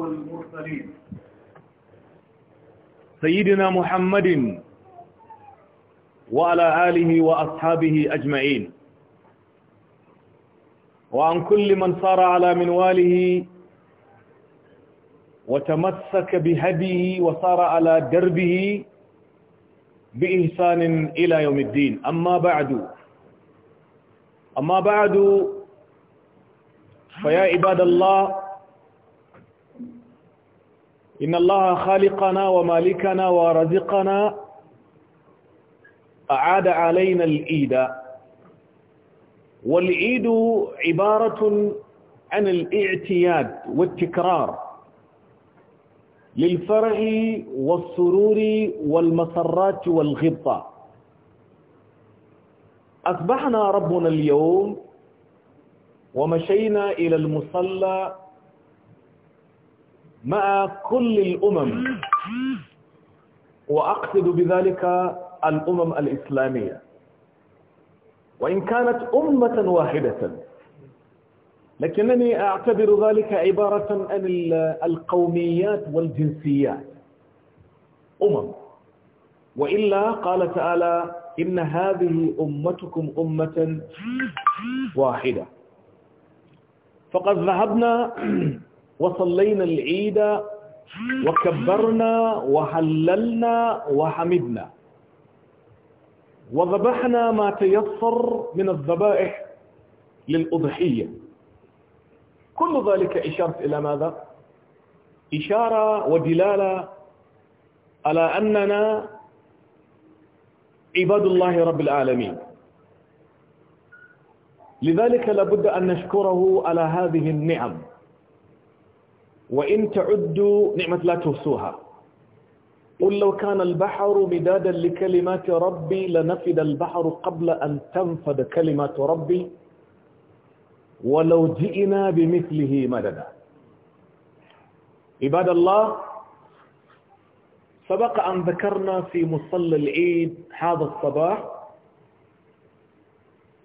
والمرسلين سيدنا محمد وعلى آله وأصحابه أجمعين وعن كل من صار على منواله وتمسك بهديه وصار على دربه بإحسان إلى يوم الدين أما بعد أما بعد فيا عباد الله إن الله خالقنا ومالكنا ورزقنا أعاد علينا الإيد والإيد عبارة عن الاعتياد والتكرار للفرح والسرور والمسرات والغبطة أصبحنا ربنا اليوم ومشينا إلى المصلى مع كل الأمم وأقصد بذلك الأمم الإسلامية وإن كانت أمة واحدة لكنني أعتبر ذلك عبارة عن القوميات والجنسيات أمم وإلا قال تعالى إن هذه أمتكم أمة واحدة فقد ذهبنا وصلينا العيد وكبرنا وهللنا وحمدنا وذبحنا ما تيسر من الذبائح للأضحية كل ذلك إشارة إلى ماذا؟ إشارة ودلالة على أننا عباد الله رب العالمين لذلك لابد أن نشكره على هذه النعم وإن تعدوا نعمة لا تحصوها قل لو كان البحر مدادا لكلمات ربي لنفد البحر قبل أن تنفد كلمات ربي ولو جئنا بمثله مددا عباد الله سبق أن ذكرنا في مصلى العيد هذا الصباح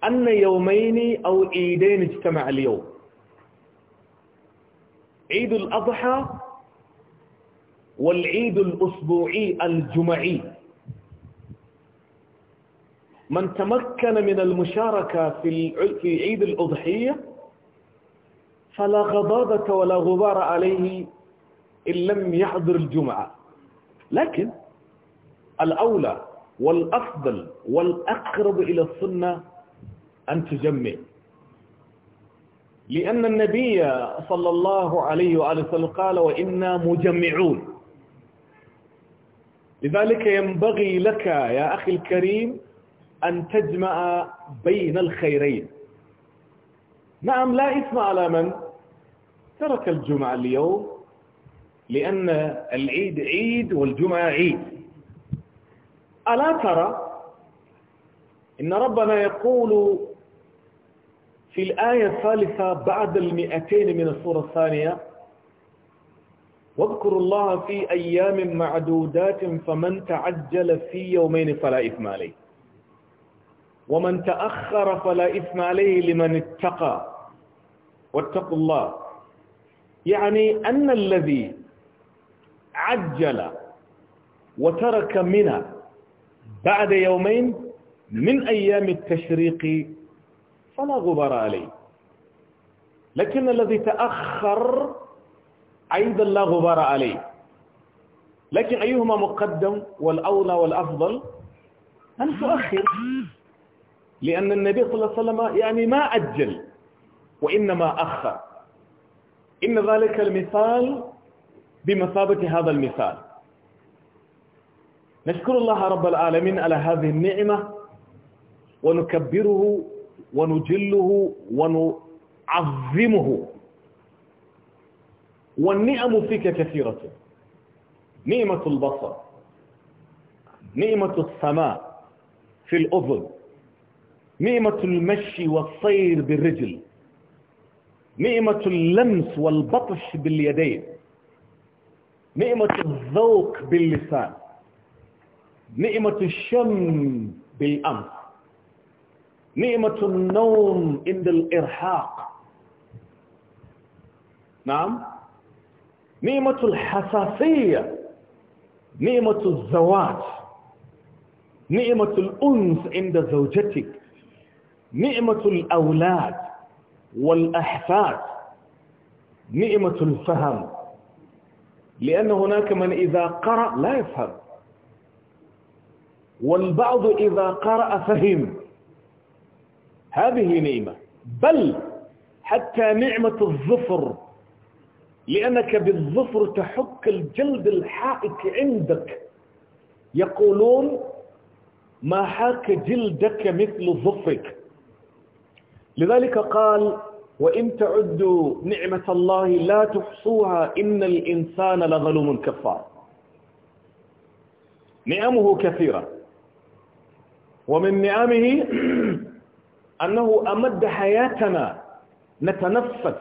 أن يومين أو عيدين اجتمع اليوم عيد الأضحى والعيد الأسبوعي الجمعي من تمكن من المشاركة في في عيد الأضحية فلا غضاضة ولا غبار عليه إن لم يحضر الجمعة لكن الأولى والأفضل والأقرب إلى السنة أن تجمع لأن النبي صلى الله عليه وآله وسلم قال وإنا مجمعون لذلك ينبغي لك يا أخي الكريم أن تجمع بين الخيرين نعم لا إثم على من ترك الجمعة اليوم لأن العيد عيد والجمعة عيد ألا ترى إن ربنا يقول في الآية الثالثة بعد المئتين من الصورة الثانية واذكروا الله في أيام معدودات فمن تعجل في يومين فلا إثم عليه ومن تأخر فلا إثم عليه لمن اتقى واتقوا الله يعني أن الذي عجل وترك منا بعد يومين من أيام التشريق فلا غبار عليه لكن الذي تأخر أيضا لا غبار عليه لكن أيهما مقدم والأولى والأفضل أن تؤخر لأن النبي صلى الله عليه وسلم يعني ما أجل وإنما أخر إن ذلك المثال بمثابة هذا المثال نشكر الله رب العالمين على هذه النعمة ونكبره ونجله ونعظمه والنعم فيك كثيرة نعمة البصر نعمة السماء في الأذن نعمة المشي والصير بالرجل نعمة اللمس والبطش باليدين نعمة الذوق باللسان نعمة الشم بالأنف نعمة النوم عند الإرحاق نعم نعمة الحساسية نعمة الزواج نعمة الأنس عند زوجتك نعمة الأولاد والأحفاد نعمة الفهم لأن هناك من إذا قرأ لا يفهم والبعض إذا قرأ فهم هذه نعمة بل حتى نعمة الظفر لأنك بالظفر تحك الجلد الحائك عندك يقولون ما حاك جلدك مثل ظفرك لذلك قال وإن تعدوا نعمة الله لا تحصوها إن الإنسان لظلوم كفار نعمه كثيرة ومن نعمه أنه أمد حياتنا نتنفس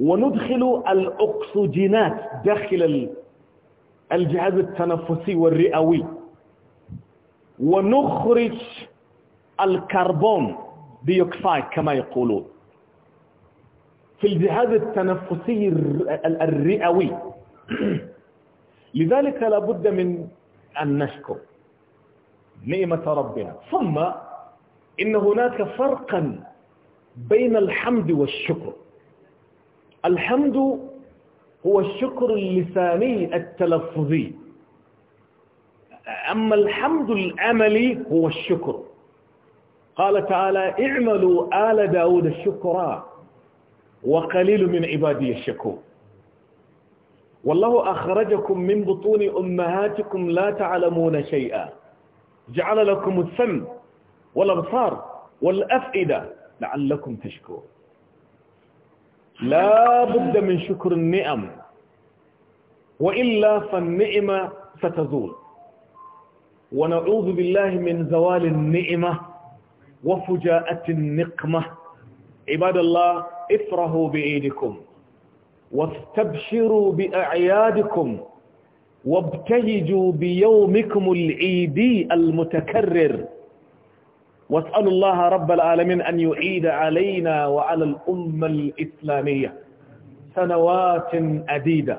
وندخل الأكسجينات داخل الجهاز التنفسي والرئوي ونخرج الكربون ديوكسيد كما يقولون في الجهاز التنفسي الرئوي لذلك لابد من أن نشكر نعمة ربنا ثم إن هناك فرقا بين الحمد والشكر الحمد هو الشكر اللساني التلفظي أما الحمد الأملي هو الشكر قال تعالى اعملوا آل داود الشكرا وقليل من عبادي الشكور والله أخرجكم من بطون أمهاتكم لا تعلمون شيئا جعل لكم السمع والأبصار والأفئدة لعلكم تشكرون لا بد من شكر النعم وإلا فالنعمة ستزول ونعوذ بالله من زوال النعمة وفجاءة النقمة عباد الله افرحوا بإيدكم واستبشروا بأعيادكم وابتهجوا بيومكم العيدي المتكرر واسأل الله رب العالمين أن يعيد علينا وعلى الأمة الإسلامية سنوات عديدة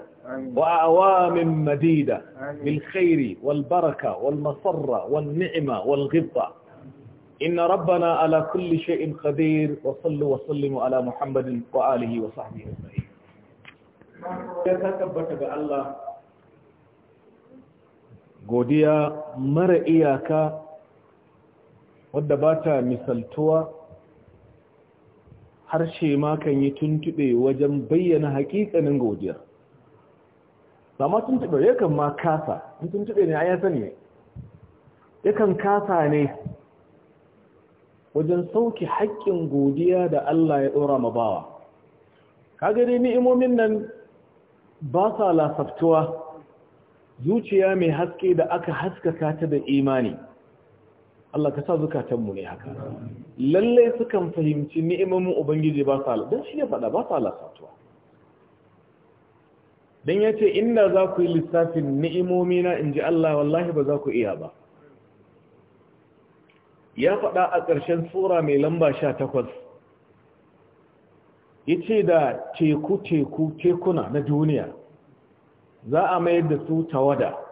وأعوام مديدة بالخير والبركة والمصرة والنعمة والغضة إن ربنا على كل شيء قدير وصلوا وسلموا على محمد وآله وصحبه أجمعين godiya mara iyaka wadda ba ta misaltuwa harshe ma kan yi tuntube wajen bayyana hakikanin godiyar sama ma ya yakan ma kasa in tuntube ne a ya sani yakan kasa ne wajen sauki haƙƙin godiya da Allah ya ɗora ma bawa Ka ni'imomin nan ba sa lasaftuwa zuciya mai haske da aka haskaka ta da imani Allah ka sa zukatanmu ne haka lalle sukan fahimci ni'imomin ubangiji ba sa dan shi ne fada ba sa lasatuwa dan yace inda za ku yi lissafin ni'imomina in ji Allah wallahi ba za ku iya ba ya faɗa a ƙarshen sura mai lamba 18 yace da teku-teku tekuna na duniya za a mayar da su tawada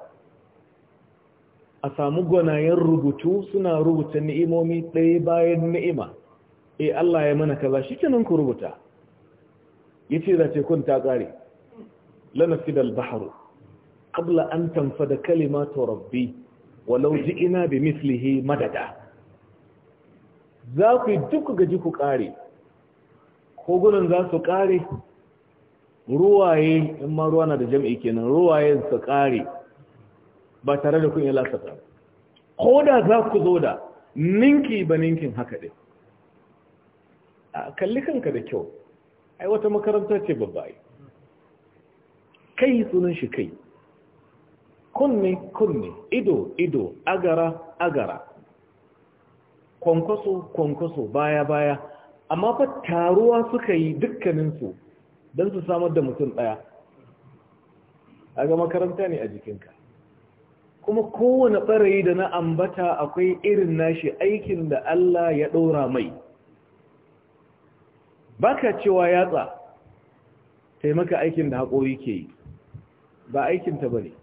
a samu gwanayen rubutu suna rubuta ni'imomi ɗaya bayan ni'ima e Allah ya mana kaza shi kenan ku rubuta yace da tekun ta ƙare lana sidal bahru qabla an tanfada kalimatu rabbi walau ji'ina bimithlihi madada za ku duk gaji ku ƙare kogunan za su ƙare ruwaye in ma ruwa na da jam'i kenan ruwayen su ƙare ba tare da kun yi lasata ko da za ku zo da ninki ba ninkin haka ɗin a kalli kanka da kyau ai wata makaranta ce babba ai kai sunan shi kai kunne kunne ido ido agara agara kwankwaso kwankwaso baya baya amma fa taruwa suka yi dukkaninsu don su samar da mutum ɗaya a makaranta ne a jikinka kuma kowane ɓarayi da na ambata akwai irin nashi aikin da Allah ya ɗora mai baka cewa yatsa taimaka aikin da haƙori ke yi ba aikinta ba ne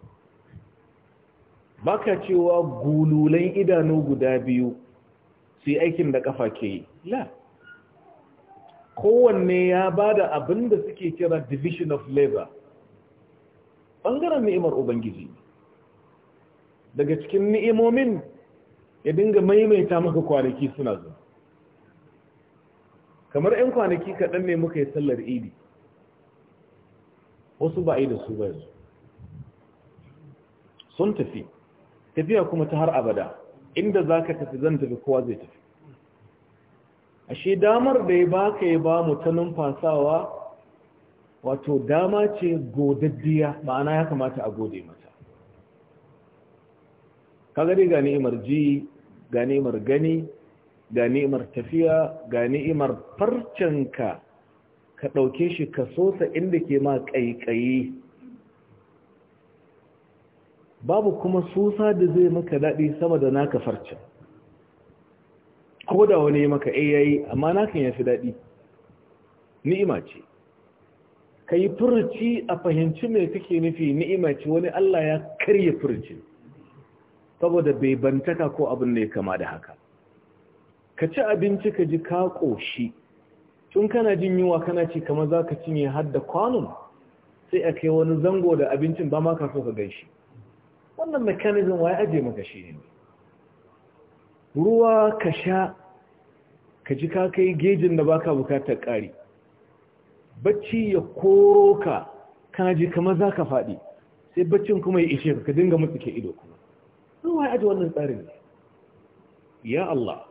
baka cewa gululan idanu guda biyu su yi aikin da ƙafa ke yi la kowanne ya ba da abin da suke kira division of labor ɓangaren ni'imar ubangiji daga cikin ni'imomin ya dinga maimaita maka kwanaki suna zuwa kamar 'yan kwanaki kaɗan ne muka yi sallar idi wasu ba yi da su ba yanzu sun tafi tafiya kuma ta har abada inda za ka tafi zan tafi kowa zai tafi ashe damar da ya baka ya ba mu ta numfasawa wato dama ce godaddiya ma'ana ya kamata a gode mata ka dai ga ni'imar ji ga ni'imar gani ga ni'imar tafiya ga ni'imar farcenka ka ɗauke shi ka sosa inda ke ma ƙaiƙayi babu kuma sosa da zai maka daɗi sama da naka farcen ko da wani maka eh, ai amma nakan ya fi daɗi ni'ima ce ka yi furci a fahimci mai kake nufi ni'ima ce wani Allah ya karya furci saboda bai bantaka ko abin da ya kama da haka ka ci abinci ka ji ka ƙoshi tun kana jin yunwa kana ci kamar za ka cinye har da kwanon sai a kai wani zango da abincin ba ma ka so ka gan shi wannan mekanizm wa ya aje maka shi ne ruwa ka sha ka ji ka kai gejin da baka bukatar ƙari bacci ya koro ka kana ji kamar za ka faɗi sai baccin kuma ya ishe ka ka dinga mutsuke ido kuma sun wa aji wannan tsarin ya Allah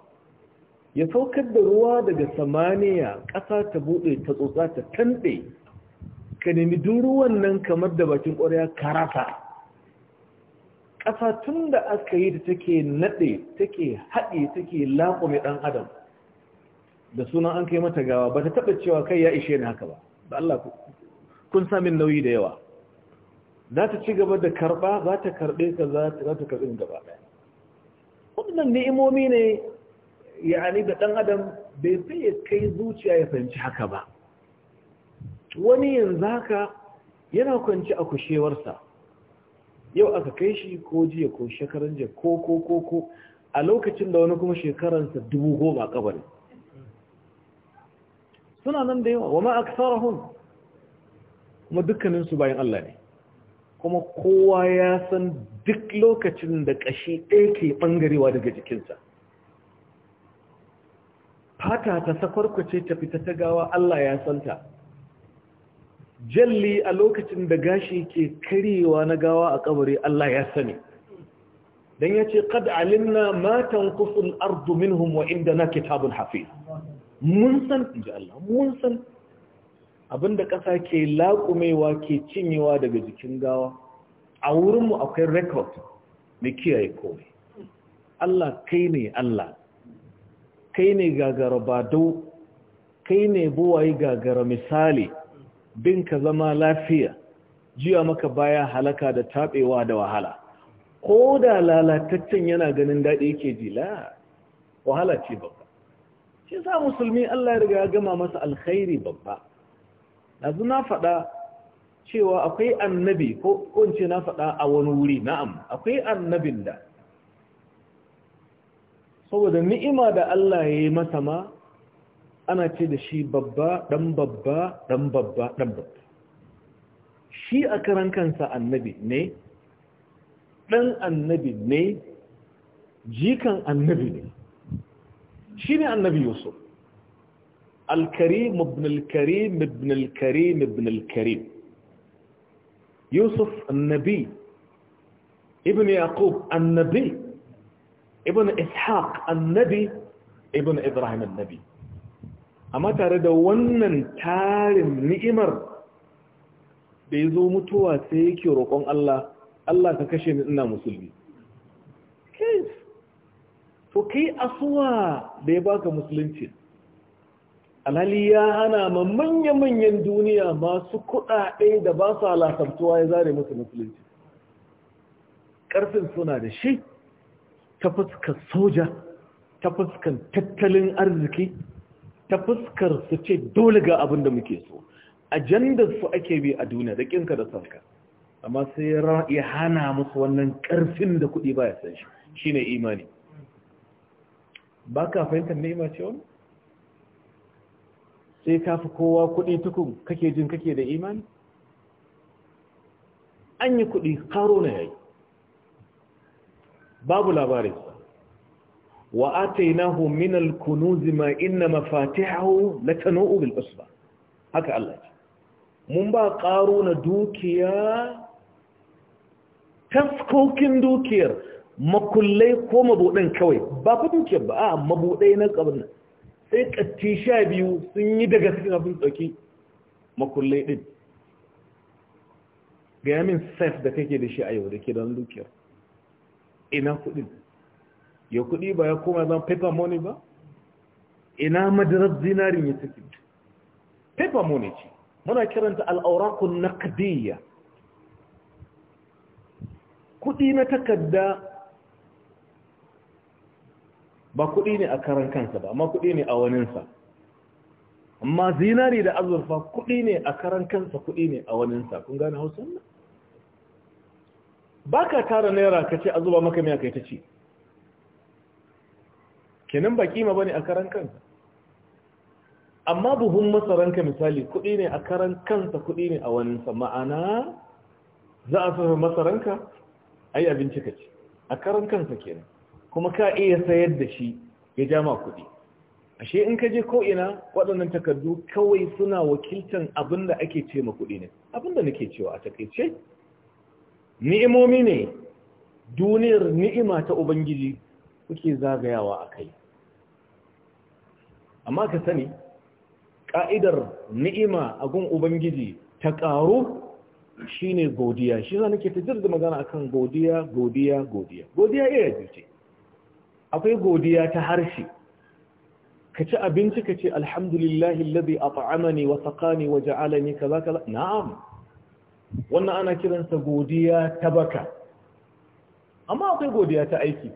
ya saukar da ruwa daga samaniya ƙasa ta buɗe ta tsotsa ta tanɗe ka nemi ruwan nan kamar da bakin ƙwarya karasa ƙasa tun da aka yi da take naɗe take haɗe take laƙume ɗan adam da sunan an kai mata gawa ba ta taɓa cewa kai ya ishe ni haka ba da Allah kun samin nauyi da yawa za ta ci gaba da karɓa za ta karɓe ka za ta karɓe gaba ɗaya waɗannan ni'imomi ne yani da ɗan adam bai sai kai zuciya ya fahimci haka ba wani yanzu haka yana kwanci a kushewarsa yau aka kai shi ko jiya ko shekaran jiya ko ko ko ko a lokacin da wani kuma shekaransa dubu goma kabari suna nan da yawa wa ma hun kuma dukkaninsu bayan Allah ne kuma kowa ya san duk lokacin da ƙashi ɗaya ke ɓangarewa daga jikinsa fata ta ce ta fita ta gawa Allah ya santa jalli a lokacin da gashi ke karyewa na gawa a kabari Allah ya sani dan yace qad alimna matan kusur ardu minhum wa na kitabun hafiz mun san ji Allah mun san abinda ƙasa ke laƙumewa ke cinyewa daga jikin gawa a wurinmu akwai rekod mai kiyaye komai Allah kai ne Allah kai ne gagara badau kai ne buwaye gagara misali bin ka zama lafiya jiya maka baya halaka da taɓewa da wahala ko da lalataccen yana ganin daɗi yake ji la wahala ce babba shi sa musulmi Allah ya riga ya gama masa alkhairi babba yanzu na faɗa cewa akwai annabi ko kunce na faɗa a wani wuri na'am akwai annabin da saboda ni'ima da Allah ya yi masa ma ana ce da shi babba dan babba dan babba dan babba shi a karan kansa annabi ne dan annabi ne jikan annabi ne shi ne annabi yusuf الكريم ابن الكريم ابن الكريم ابن الكريم يوسف النبي ابن يعقوب النبي ابن إسحاق النبي ابن إبراهيم النبي amma tare da wannan tarin ni'imar da ya zo mutuwa sai yake roƙon Allah Allah ka kashe ni ina musulmi kai to kai asuwa da ya baka musulunci alhali ya hana ma manya-manyan duniya masu kuɗaɗe da ba su ya zare musu musulunci ƙarfin suna da shi ta fuskar soja ta fuskar tattalin arziki ta fuskar su ce dole ga abin da muke so a su ake bi a duniya da ƙinka da sanka amma sai ya hana musu wannan ƙarfin da kuɗi ba ya san shi shi ne imani ba ka fahimtar ima ce wani sai ka fi kowa kuɗi tukun kake jin kake da imani an yi kuɗi karo na yayi babu labarin wa atainahu min al-kunuz ma inna mafatihahu latanu bil usba haka Allah ce mun ba na dukiya taskokin dukiyar makullai ko mabudin kawai ba fa dukiyar ba a mabudai na kabarin sai katti sha biyu sun yi daga cikin abin tsoki makullai ɗin ga yamin saif da kake da shi a yau da ke don dukiyar ina kudin ya kuɗi ba ya koma zan paper money ba ina madarar zinarin ya suke paper money ce muna kiranta al'aurakun na kadiyya kuɗi na takarda ba kuɗi ne a karan kansa ba amma kuɗi ne a waninsa amma zinari da azurfa kuɗi ne a karan kansa kuɗi ne a waninsa kun gane hausa nan ba ka tara naira ka ce a zuba maka miya kai ta ce. kenan ba kima ba ne a karan kansa amma buhun masaranka misali kuɗi ne a karan kansa kuɗi ne a waninsa ma'ana za a sarrafa masaranka ai abinci ka ce. a karan kansa kenan kuma ka iya sayar da shi ya jama kuɗi ashe in ka je ko'ina waɗannan takardu kawai suna wakiltan abin da ake ce ma kuɗi ne abin da nake cewa a takaice ni'imomi ne duniyar ni'ima ta ubangiji kuke zagayawa a kai amma ka sani ƙa'idar ni'ima a gun ubangiji ta ƙaru shi ne godiya shi za nake ta jirgin magana akan godiya godiya godiya godiya iya ce akwai godiya ta harshe ka ci abinci ka ce alhamdulillahi alladhi at'amani wa saqani wa ja'alani kaza kaza na'am wannan ana kiransa godiya ta baka amma akwai godiya ta aiki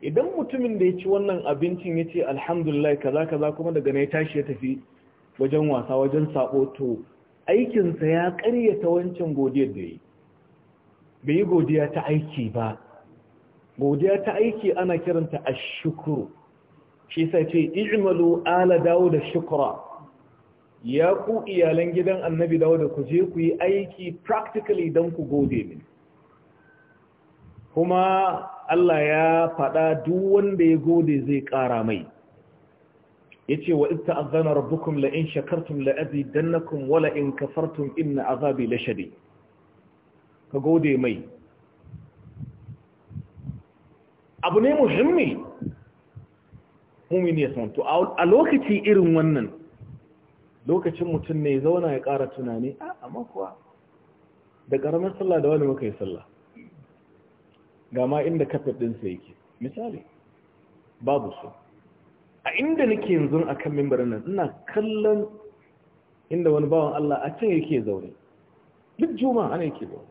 idan mutumin da ya ci wannan abincin ya ce alhamdulillah kaza kaza kuma daga na ya tashi ya tafi wajen wasa wajen sabo to aikinsa ya karyata wancan godiyar da yi bai yi godiya ta aiki ba godiya ta aiki ana kiranta shukuru shi sai ce ijmalu ala dawo da Shukra. ya ku iyalan gidan annabi dawo da ku je ku yi aiki practically don ku gode min? kuma Allah ya faɗa duk wanda ya gode zai ƙara mai yace wa idza azana rabbukum la in shakartum la azidannakum wa in kafartum inna azabi la-shade? ka gode mai abu ne muhimmi ne ya santo a lokaci irin wannan lokacin mutum ne zauna ya ƙara tunani a ah, amma kuwa da ƙaramin sallah da wani muka yi sallah ga ma inda kafet ɗinsa yake misali babu su a inda nake yanzu a kan mimbarin nan ina kallon inda wani bawan Allah a can yake zaune duk juma'a ana yake zaune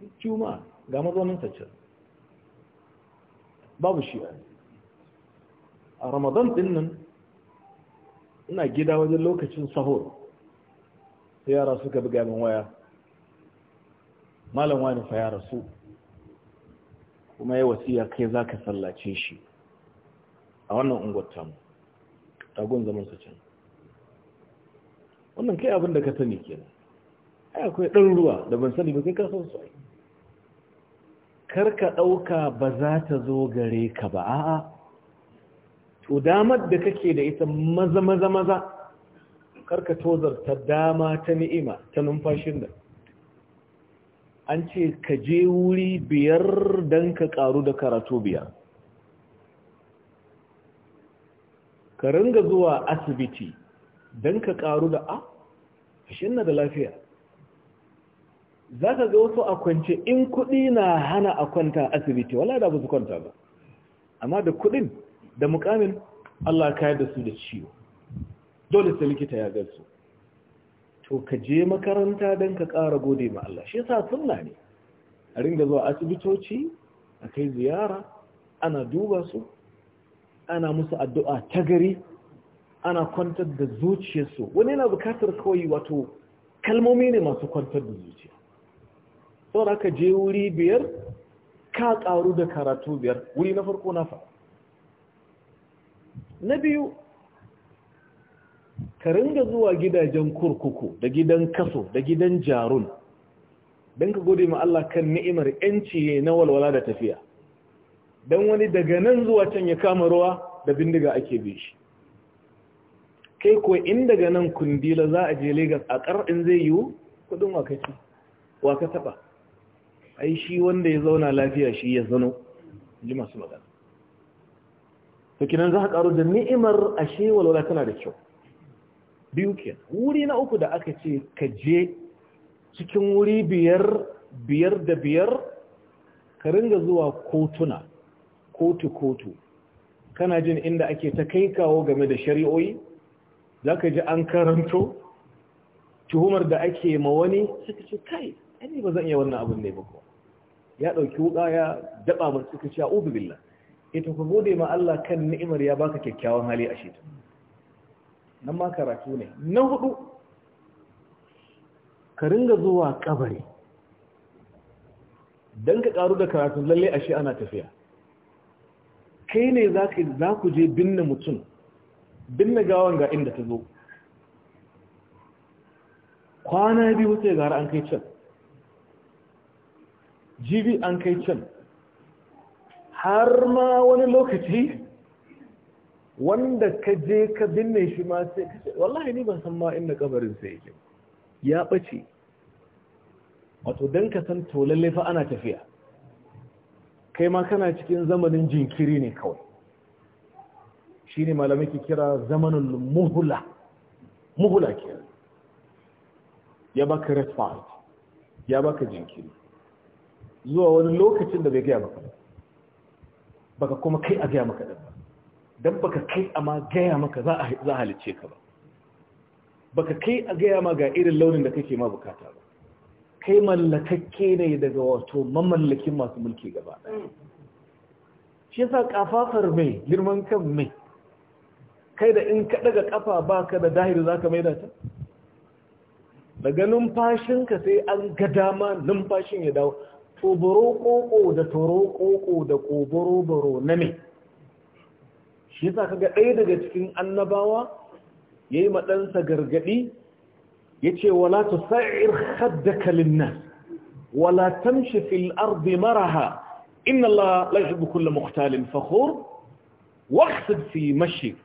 duk juma'a ga mazaunin can babu shi a ramadan din nan ina gida wajen lokacin sahur sai yara suka buga min waya malam wani fa ya rasu kuma ya wasiya kai za ka sallace shi a wannan unguwar mu tagon zaman su can wannan kai abin da ka sani kenan ai akwai ɗan ruwa da ban sani ba kai ka san su ai karka ɗauka ba za ta zo gare ka ba a'a to damar da kake da ita maza maza maza karka tozarta dama ta ni'ima ta numfashin da an ce ka je wuri biyar don ka karu da karatu biyar ka ringa zuwa asibiti don ka karu da ah, a shi da lafiya za ka ga wasu a kwance in kuɗi na hana a kwanta asibiti wala da ba su kwanta ba amma da kuɗin da mukamin Allah ka da su da ciwo dole sai likita ya ga su to ka je makaranta don ka ƙara gode ma Allah shi sa sunna ne a ringa zuwa asibitoci a kai ziyara ana duba su ana musu addu'a ta gari ana kwantar da zuciyarsu wani yana bukatar kawai wato kalmomi ne masu kwantar da zuciya saboda ka je wuri biyar ka ƙaru da karatu biyar wuri na farko na faɗa na biyu ka ringa zuwa gidajen kurkuku da gidan kaso da gidan jarun don ka gode ma Allah kan ni'imar yanci na walwala da tafiya don wani daga nan zuwa can ya kama ruwa da bindiga ake bishi. kai ko in daga nan kundila za a je Legas a ƙar'in zai yiwu kudin wakaci waka taɓa ai shi wanda ya zauna lafiya shi ya zano ji masu magana to kinan za ka karu da ni'imar ashe walwala tana da kyau biyu ke wuri na uku da aka ce ka je cikin wuri biyar biyar da biyar ka ringa zuwa kotuna kotu-kotu kana jin inda ake ta kai kawo game da shari'o'i za ka ji an karanto tuhumar da ake ma wani suka ce kai ba zan iya wannan abin ne ba kuwa ya ɗauki wuƙa ya daɓa masu suka ce ubi billa ita ku gode ma Allah kan ni'imar ya baka kyakkyawan hali a shita nan ma karatu ne na hudu ka ringa zuwa kabari don ka karu da karatun lalle a shi ana tafiya kai ne za ku je binne mutum binne gawan ga inda ta zo kwana biyu sai gara an kai can jibi an kai can har ma wani lokaci wanda ka je ka binne shi ma sai ce wallahi ni ban san ma inda kabarin sai yake ya bace wato dan ka san to lalle fa ana tafiya kai ma kana cikin zamanin jinkiri ne kawai shine malamai ke kira zamanin muhula muhula ke ya baka respite ya baka jinkiri zuwa wani lokacin da bai gaya maka baka kuma kai a gaya maka ba don baka kai a ma gaya maka za a halicce ka ba baka kai a gaya ma ga irin launin da kake ma bukata ba kai mallakakke ne daga wato mamallakin masu mulki gaba mm. shi yasa kafafar mai girman kan mai kai da in ka daga kafa baka da dahiri zaka maida ta daga numfashinka sai an ga dama numfashin ya dawo tsuburo ƙoƙo da turo ƙoƙo da ƙoboro-boro na me shi sa kaga ɗaya daga cikin annabawa ya yi maɗansa gargaɗi ya ce wala ta sa'ir haddaka linnas wala tamshi fil ardi maraha inna Allah la yuhibbu kulla mukhtalin fakhur waqsid fi mashik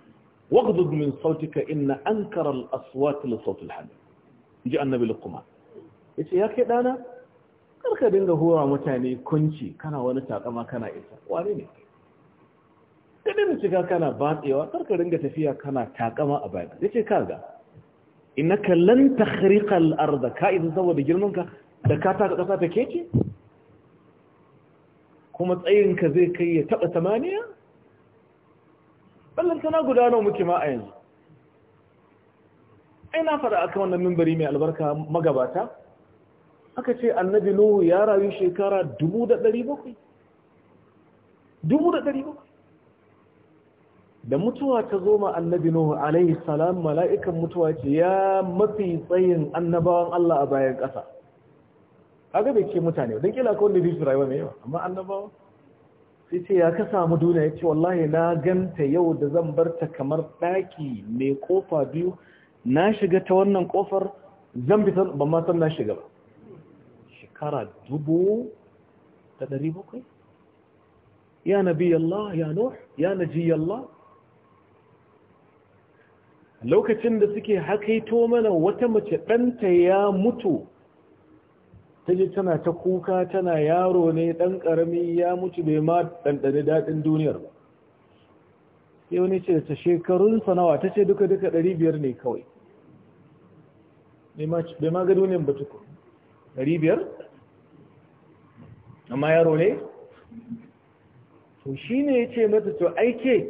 waghdud min sautika inna ankara al aswat li sawt al hamd ji annabi luqman yace ya ke dana ka dinga hura mutane kunci kana wani takama kana isa wane ne ka dinga shiga kana batsewa ka dinga tafiya kana takama a bayan yace kaga Ina lan takhriqa al-ard ka idan saboda girman ka da ka ta kasa ta kece kuma tsayinka zai kai ya taba samaniya ballan tana gudanar muke ma a yanzu ai na fara akan wannan minbari mai albarka magabata aka ce annabi nuhu ya rayu shekara 1700 da mutuwa ta zo ma annabi nuhu alaihi salam mala'ikan mutuwa ce ya mafi tsayin annabawan Allah a bayan ƙasa kaga bai ce mutane don kila kawai da bisu rayuwa mai yawa amma annabawa sai ce ya ka samu duniya ya ce wallahi na ganta yau da zan bar ta kamar ɗaki mai kofa biyu na shiga ta wannan kofar zan bi ban ma san na shiga ba shekara dubu da ɗari bakwai ya nabi Allah ya nuh ya naji Allah lokacin da suke hakaito mana wata mace ɗanta ya mutu ta ji tana ta kuka tana yaro ne ɗan ƙarami ya mutu bai ma ɗanɗani daɗin duniyar ba sai wani ce ta shekarun sanawa ta ce duka duka ɗari biyar ne kawai bai ma ga duniyar ba tuku ɗari biyar amma yaro ne to shi ne ya ce mata to aike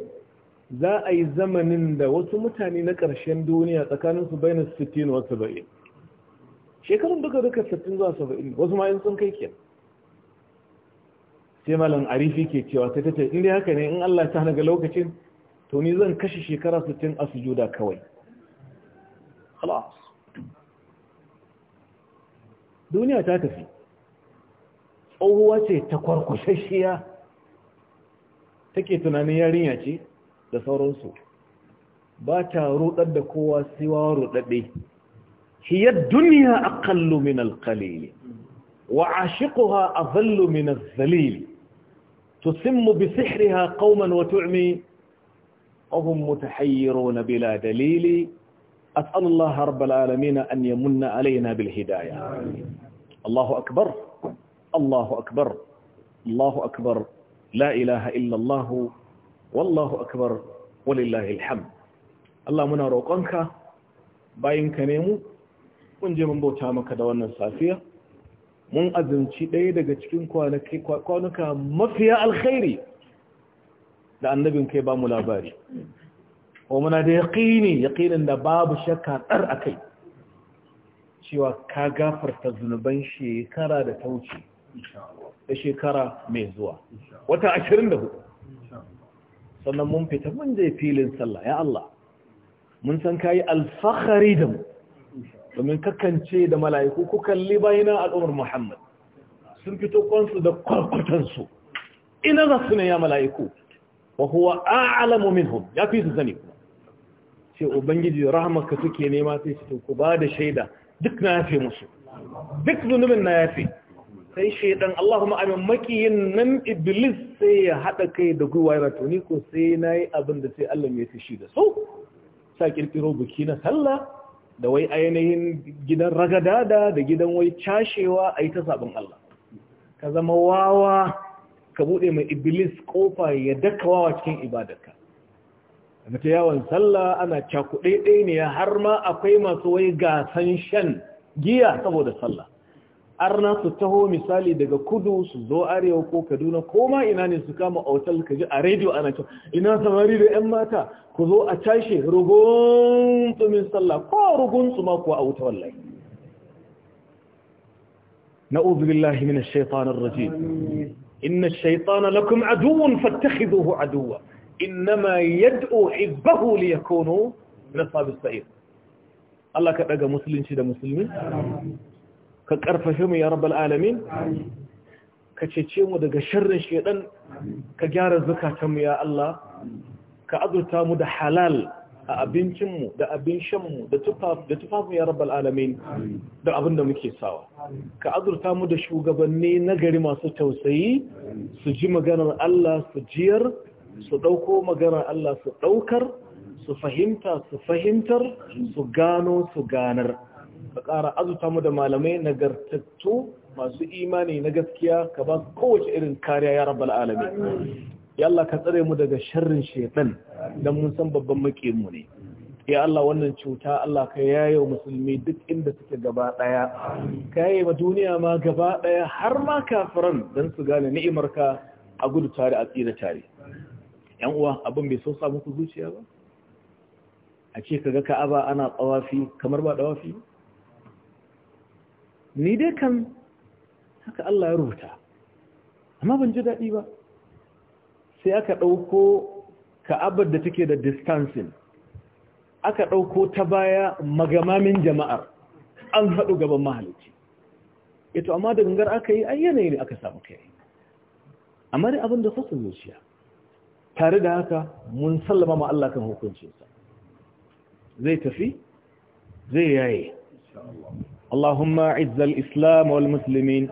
za a yi zamanin da wasu mutane na ƙarshen duniya tsakaninsu bai na 60 wasu ba'i shekarun duka duka 60 zuwa 70 wasu ma'in sun kai ke sai malam arifi ke cewa sai ta ce inda haka ne in allah ta hana lokacin to ni zan kashe shekara 60 a sujuda kawai duniya ta tafi tsohuwa ce ta kwarkwashashiya take tunanin yarinya ce da sauransu ba ta rudar da kowa siwa rudadde hiya duniya aqallu min alqalil wa ashiquha adallu min adh-dhalil tusimmu bi sihriha qauman wa tu'mi ahum mutahayyiruna bila dalili as'alullaha rabbil alamin an yamunna alaina bil hidayah Allahu akbar Allahu akbar Allahu akbar la ilaha illallah wallahu akbar walillahi alhamd Allah muna roƙonka bayin ka ne mu mun je bauta maka da wannan safiya mun azumci ɗaya daga cikin kwanuka mafiya alkhairi da annabin kai ba mu labari wa muna da yaƙini yaƙinin da babu shakka ɗar a kai cewa ka gafarta zunuban shekara da ta wuce da shekara mai zuwa wata 24 sannan mun fita mun je filin sallah ya Allah mun san kayi alfakhari da mu domin kakance da mala'iku ku kalli bayina al'ummar Muhammad sun fito kwansu da su ina za su ne ya mala'iku wa huwa a'lamu minhum ya fi su sani kuma ce ubangiji rahmaka suke nema sai su ku ba da shaida duk na yafe musu duk zunubin na yafe sai shaidan Allahumma amin makiyin nan iblis sai ya haɗa kai da gwiwa yana tuni ko sai na yi abin da sai Allah ya shi da so sa kirkiro biki na sallah da wai ainihin gidan ragadada da gidan wai cashewa a yi ta sabon Allah ka zama wawa ka buɗe mai iblis kofa ya daka wawa cikin ibadarka Mata yawon sallah ana cakuɗe ɗaya ne har ma akwai masu wai gasan shan giya saboda sallah arna su taho misali daga kudu su zo arewa ko kaduna ko ma ina ne su kama a otal kaji a rediyo ana cewa ina samari da 'yan mata ku zo a tashi rugun tsumin sallah ko rugun tsuma kuwa a wuta wallahi na'udhu billahi minash shaitanir rajim innash shaitana lakum aduwwun fattakhidhuhu aduwwa inma yad'u hibbahu liyakunu min ashabis sa'ir Allah ka daga musulunci da musulmi ka ƙarfafi mu ya rabbal alamin ka cece mu daga sharrin shedan ka gyara zakatan mu ya Allah ka azurta mu da halal a abincinmu da abin mu da tufafin ya rabbal alamin da abinda muke sawa ka azurta mu da shugabanni nagari masu tausayi su ji maganar Allah su jiyar su ɗauko maganar Allah su ɗaukar su fahimta su fahimtar su gano su ganar ka ƙara azuta mu da malamai nagartattu masu imani na gaskiya ka ba kowace irin kariya ya rabbal alamin ya Allah ka tsare mu daga sharrin shaitan dan mun san babban makiyin mu ne ya Allah wannan cuta Allah ka yayo musulmi duk inda suke gaba ɗaya. ka yaye ma duniya ma gaba ɗaya har ma kafiran dan su gane ni'imar ka a gudu tare a tsira tare yan uwa abin bai so sa muku zuciya ba a ce kaga ka'aba ana tsawafi kamar ba tsawafi ba ni dai kan haka Allah ya rubuta amma ban ji daɗi ba sai aka ɗauko ka'abar da take da distancing aka ɗauko ta baya magamamin jama'ar an haɗu gaban mahalici ito eh amma da gangar aka yi ai yanayi ne aka samu kai amma dai abin da fasin zuciya tare da haka mun sallama ma Allah kan hukuncinsa zai tafi zai yaye اللهم اعز الإسلام والمسلمين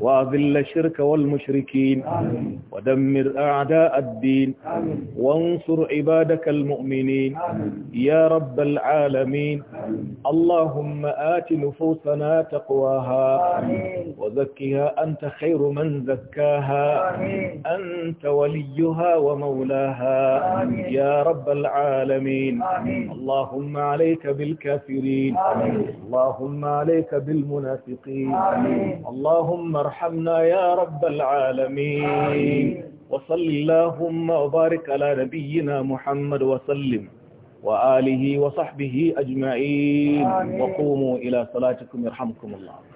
وأذل الشرك والمشركين آمين. ودمر أعداء الدين آمين. وانصر عبادك المؤمنين آمين. يا رب العالمين آمين. اللهم آت نفوسنا تقواها آمين. وزكها أنت خير من زكاها آمين. أنت وليها ومولاها آمين. يا رب العالمين آمين. اللهم عليك بالكافرين آمين. اللهم عليك بالمنافقين آمين. اللهم ارحمنا يا رب العالمين وصل اللهم وبارك على نبينا محمد وسلم وآله وصحبه أجمعين آمين. وقوموا إلى صلاتكم يرحمكم الله